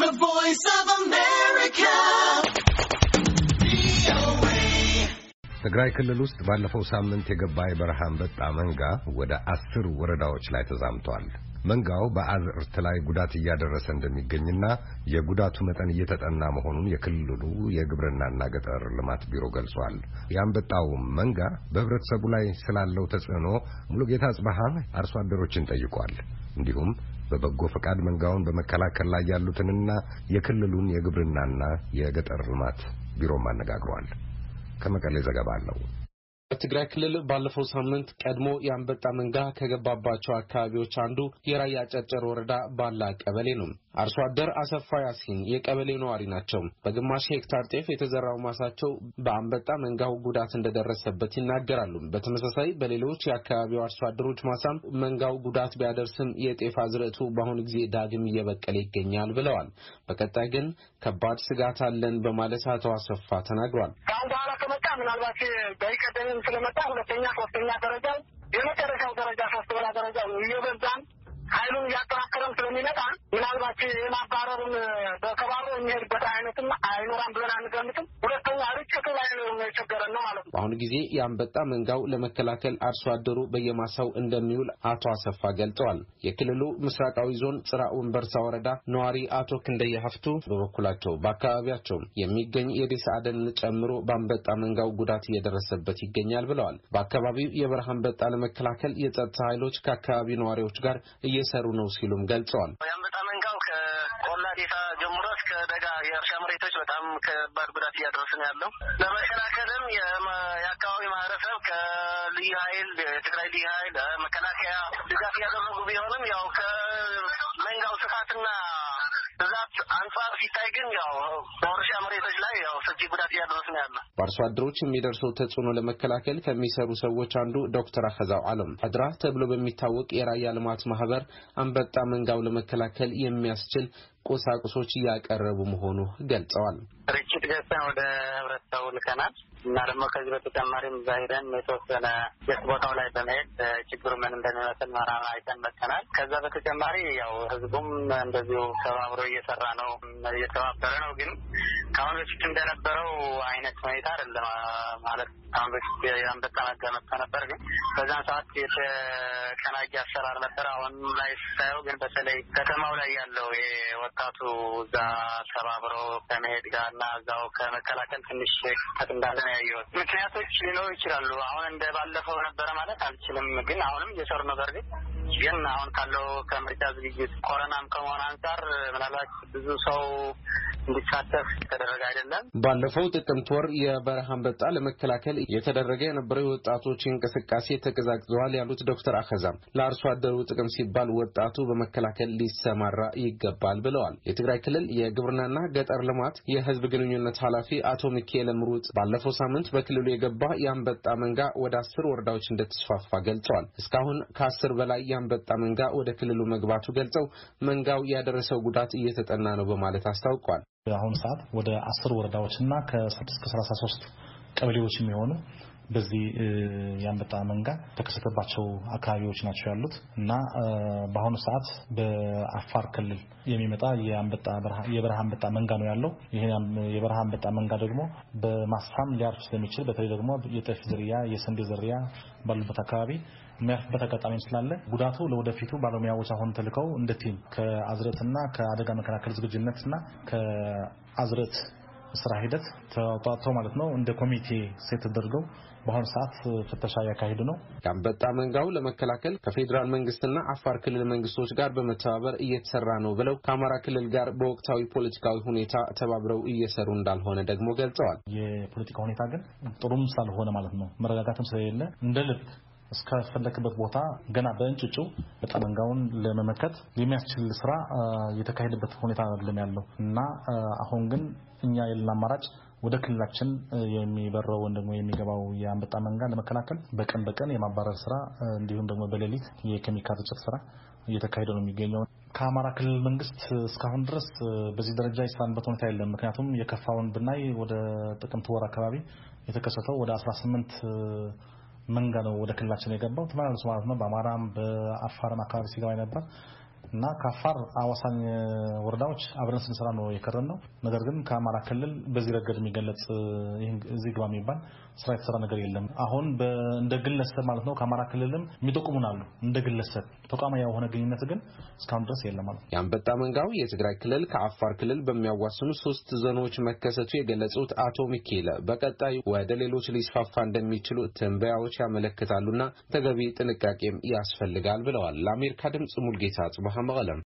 The Voice of America. ትግራይ ክልል ውስጥ ባለፈው ሳምንት የገባ የበረሃ አንበጣ መንጋ ወደ አስር ወረዳዎች ላይ ተዛምቷል። መንጋው በአዝዕርት ላይ ጉዳት እያደረሰ እንደሚገኝና የጉዳቱ መጠን እየተጠና መሆኑን የክልሉ የግብርናና ገጠር ልማት ቢሮ ገልጿል። የአንበጣው መንጋ በሕብረተሰቡ ላይ ስላለው ተጽዕኖ ሙሉጌታ አጽበሃ አርሶ አደሮችን ጠይቋል። እንዲሁም በበጎ ፈቃድ መንጋውን በመከላከል ላይ ያሉትንና የክልሉን የግብርናና የገጠር ልማት ቢሮም አነጋግሯል። ከመቀሌ ዘገባ አለው። በትግራይ ክልል ባለፈው ሳምንት ቀድሞ የአንበጣ መንጋ ከገባባቸው አካባቢዎች አንዱ የራያ ጨርጨር ወረዳ ባላ ቀበሌ ነው። አርሶ አደር አሰፋ ያሲን የቀበሌ ነዋሪ ናቸው። በግማሽ ሄክታር ጤፍ የተዘራው ማሳቸው በአንበጣ መንጋው ጉዳት እንደደረሰበት ይናገራሉ። በተመሳሳይ በሌሎች የአካባቢው አርሶ አደሮች ማሳም መንጋው ጉዳት ቢያደርስም የጤፍ አዝርዕቱ በአሁኑ ጊዜ ዳግም እየበቀለ ይገኛል ብለዋል። በቀጣይ ግን ከባድ ስጋት አለን በማለት አቶ አሰፋ ተናግሯል። ከአሁን በኋላ ከመጣ ምናልባት በይቀደም ስለመጣ ሁለተኛ፣ ሶስተኛ ደረጃ የመጨረሻው ደረጃ ሶስተኛ ደረጃ እየበዛን ኃይሉን እያጠናከረም ስለሚመጣ የማባረሩን በከባሮ የሚሄድበት አይነትም አይኖራም ብለን አንገምትም። ሁለተኛ ርጭቱ ላይ ነው የቸገረን ነው ማለት ነው። በአሁኑ ጊዜ የአንበጣ መንጋው ለመከላከል አርሶ አደሩ በየማሳው እንደሚውል አቶ አሰፋ ገልጸዋል። የክልሉ ምስራቃዊ ዞን ጽራ ወንበርሳ ወረዳ ነዋሪ አቶ ክንደየ ሀፍቱ በበኩላቸው በአካባቢያቸው የሚገኝ የዴስ አደን ጨምሮ በአንበጣ መንጋው ጉዳት እየደረሰበት ይገኛል ብለዋል። በአካባቢው የበረሃ አንበጣ ለመከላከል የጸጥታ ኃይሎች ከአካባቢ ነዋሪዎች ጋር እየሰሩ ነው ሲሉም ገልጸዋል። በጣም ከባድ ጉዳት እያደረስን ያለው። ለመከላከልም የአካባቢ ማህበረሰብ ከልዩ ኃይል የትግራይ ልዩ ኃይል መከላከያ ድጋፍ እያደረጉ ቢሆንም ያው ከመንጋው ስፋትና ብዛት አንጻር ሲታይ ግን ያው መወረሻ መሬቶች ላይ ሰፊ ጉዳት እያደረስ ነው ያለ። በአርሶ አደሮች የሚደርሰው ተጽዕኖ ለመከላከል ከሚሰሩ ሰዎች አንዱ ዶክተር አኸዛው አለም ሀድራ ተብሎ በሚታወቅ የራያ ልማት ማህበር አንበጣ መንጋው ለመከላከል የሚያስችል ቁሳቁሶች እያቀረቡ መሆኑ ገልጸዋል። ርችት ገዝተን ወደ ህብረተሰቡ ልከናል። እና ደግሞ ከዚህ በተጨማሪም እዛ ሄደን የተወሰነ የት ቦታው ላይ በመሄድ ችግሩ ምን እንደሚመስል መራራ አይተን መጥተናል። ከዛ በተጨማሪ ያው ህዝቡም እንደዚሁ ተባብሮ እየሰራ ነው፣ እየተባበረ ነው። ግን ከአሁን በፊት እንደነበረው አይነት ሁኔታ አይደለም ማለት አሁን በፊት የአንበጣ መገመጣ ነበር፣ ግን በዛን ሰዓት የተቀናጀ አሰራር ነበር። አሁን ላይ ስታየው ግን በተለይ ከተማው ላይ ያለው ወጣቱ እዛ ተባብሮ ከመሄድ ጋር እና እዛው ከመከላከል ትንሽ ክፍተት እንዳለ ነው ያየሁት። ምክንያቶች ሊኖሩ ይችላሉ። አሁን እንደ ባለፈው ነበረ ማለት አልችልም፣ ግን አሁንም እየሰሩ ነው። በእርግጥ ግን አሁን ካለው ከምርጫ ዝግጅት ኮረናም ከመሆን አንጻር ምናልባት ብዙ ሰው እንዲሳተፍ ተደረገ አይደለም። ባለፈው ጥቅምት ወር የበረሃ አንበጣ ለመከላከል የተደረገ የነበረው የወጣቶች እንቅስቃሴ ተቀዛቅዘዋል ያሉት ዶክተር አከዛም ለአርሶ አደሩ ጥቅም ሲባል ወጣቱ በመከላከል ሊሰማራ ይገባል ብለ ብለዋል። የትግራይ ክልል የግብርናና ገጠር ልማት የህዝብ ግንኙነት ኃላፊ አቶ ሚካኤል ምሩጽ ባለፈው ሳምንት በክልሉ የገባ የአንበጣ መንጋ ወደ አስር ወረዳዎች እንደተስፋፋ ገልጸዋል። እስካሁን ከአስር በላይ የአንበጣ መንጋ ወደ ክልሉ መግባቱ ገልጸው መንጋው ያደረሰው ጉዳት እየተጠና ነው በማለት አስታውቋል። በአሁኑ ሰዓት ወደ አስር ወረዳዎችና ከስድስት ከሰላሳ ሶስት ቀበሌዎች የሚሆኑ በዚህ የአንበጣ መንጋ ተከሰተባቸው አካባቢዎች ናቸው ያሉት እና በአሁኑ ሰዓት በአፋር ክልል የሚመጣ የበረሃ አንበጣ መንጋ ነው ያለው። ይህ የበረሃ አንበጣ መንጋ ደግሞ በማሳም ሊያርፍ ስለሚችል በተለይ ደግሞ የጤፍ ዝርያ፣ የስንዴ ዝርያ ባሉበት አካባቢ የሚያርፍበት አጋጣሚ ስላለ ጉዳቱ ለወደፊቱ ባለሙያዎች አሁን ተልከው እንደ ቲም ከአደጋ መከላከል ዝግጁነትና ከአዝረት። ስራ ሂደት ተጧጥቶ ማለት ነው እንደ ኮሚቴ ሴት ተደርገው በአሁኑ ሰዓት ፍተሻ እያካሄዱ ነው። የአንበጣ መንጋው ለመከላከል ከፌዴራል መንግስትና አፋር ክልል መንግስቶች ጋር በመተባበር እየተሰራ ነው ብለው ከአማራ ክልል ጋር በወቅታዊ ፖለቲካዊ ሁኔታ ተባብረው እየሰሩ እንዳልሆነ ደግሞ ገልጸዋል። የፖለቲካ ሁኔታ ግን ጥሩም ስላልሆነ ማለት ነው መረጋጋትም ስለሌለ እንደ ልብ እስከፈለክበት ቦታ ገና በእንጭጩ ጠመንጋውን ለመመከት የሚያስችል ስራ የተካሄደበት ሁኔታ አይደለም ያለው እና አሁን ግን እኛ የሌላ አማራጭ ወደ ክልላችን ወይም ደግሞ የሚገባው የአንበጣ መንጋ ለመከላከል በቀን በቀን የማባረር ስራ እንዲሁም ደግሞ በሌሊት የኬሚካል ርጭት ስራ እየተካሄደ ነው የሚገኘው። ከአማራ ክልል መንግስት እስካሁን ድረስ በዚህ ደረጃ የሰራንበት ሁኔታ የለም። ምክንያቱም የከፋውን ብናይ ወደ ጥቅምት ወር አካባቢ የተከሰተው ወደ 18 መንጋ ነው ወደ ክልላችን የገባው ተመላለሱ ማለት ነው። በአማራም በአፋርም አካባቢ ሲገባ ነበር። እና ከአፋር አዋሳኝ ወረዳዎች አብረን ስንሰራ ነው የከረን ነው። ነገር ግን ከአማራ ክልል በዚህ ረገድ የሚገለጽ እዚህ ግባ የሚባል ስራ የተሰራ ነገር የለም። አሁን እንደ ግለሰብ ማለት ነው ከአማራ ክልልም የሚጠቁሙን አሉ። እንደ ግለሰብ ተቋማ የሆነ ግንኙነት ግን እስካሁን ድረስ የለም ማለት ነው። የአንበጣ መንጋው የትግራይ ክልል ከአፋር ክልል በሚያዋስኑ ሶስት ዞኖች መከሰቱ የገለጹት አቶ ሚኬለ በቀጣይ ወደ ሌሎች ሊስፋፋ እንደሚችሉ ትንበያዎች ያመለክታሉና ተገቢ ጥንቃቄም ያስፈልጋል ብለዋል። ለአሜሪካ ድምጽ ሙልጌታ ጽባህ Hammarallen